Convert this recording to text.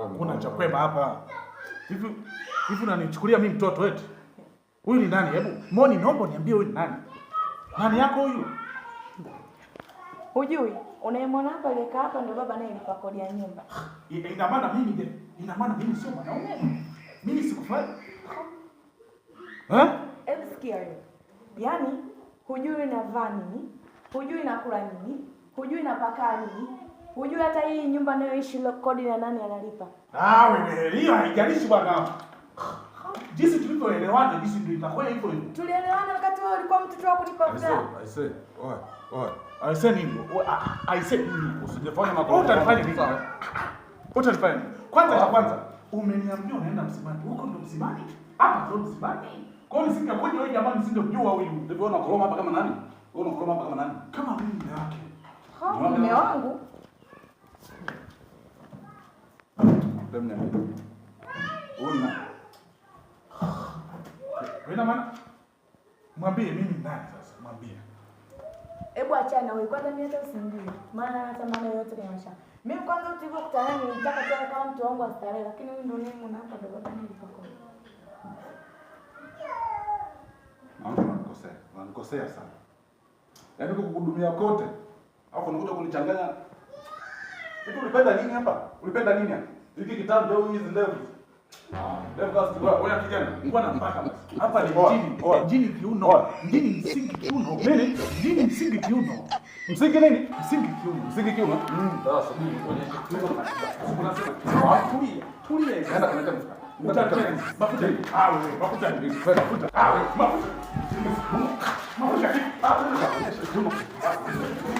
Hakuna cha kwema hapa. Hivi hivi unanichukulia mimi mtoto wetu? Huyu ni nani? Hebu Moni, naomba niambie huyu ni nani? Nani yako huyu? Hujui, unayemwona hapa aliyekaa hapa ndio baba naye alipa kodi ya nyumba. Ina maana mimi je? Ina maana mimi sio mwanaume? Mimi sikufanya. Eh? Hebu sikia wewe. Yaani hujui navaa nini? Hujui nakula nini? Hujui napakaa nini? Hujui hata hii nyumba nayoishi ile kodi na nani analipa? Ah, umeelewa, haijalishi bwana. Jinsi tulivyoelewana, jinsi ndio itakuwa hivyo hivyo. Tulielewana wakati wewe ulikuwa mtoto wa kulipa furaha. I say, oi, oi. I say nini? I say nini? Usijifanye makosa. Utafanya nini? Utafanya. Kwanza cha kwanza, umeniambia unaenda msimani. Huko ndio msimani? Hapa ndio msimani. Kwa hiyo nisingekuja wewe jamaa nisingejua huyu. Ndio unakoroma hapa kama nani? Wewe unakoroma hapa kama nani? Kama mimi yake. Mume wangu. ده بنعمله قلنا هنا maana mwambie mimi nani sasa mwambie Hebu achana wewe kwanza, mimi hata usingie, maana hata maana yote ni mashaka. Mimi kwanza tulivyo kutana ni nitaka tu kama mtu wangu astarehe, lakini wewe ndio nini mnapa ndio baba nini pako. Mama unanikosea, unanikosea sana. Yaani uko kuhudumia kote, alafu unakuja kunichanganya. Hivi yaani ulipenda nini hapa? Ulipenda nini hapa? Hiki kitabu ndio hizi ndevu. Level basi kwa wewe kijana, mbona mpaka hapa ni jini, jini kiuno, jini msingi kiuno. Nini? Jini msingi kiuno. Msingi nini? Msingi kiuno. Msingi kiuno. Mm, sasa mimi kuonyesha. Tuko kuna sasa. Ah, Tulia. Tulia. Kaenda kuleta mfuko. Mafuta. Mafuta. Ah, wewe. Mafuta. Mafuta. Ah, wewe. Mafuta. Mafuta. Mafuta.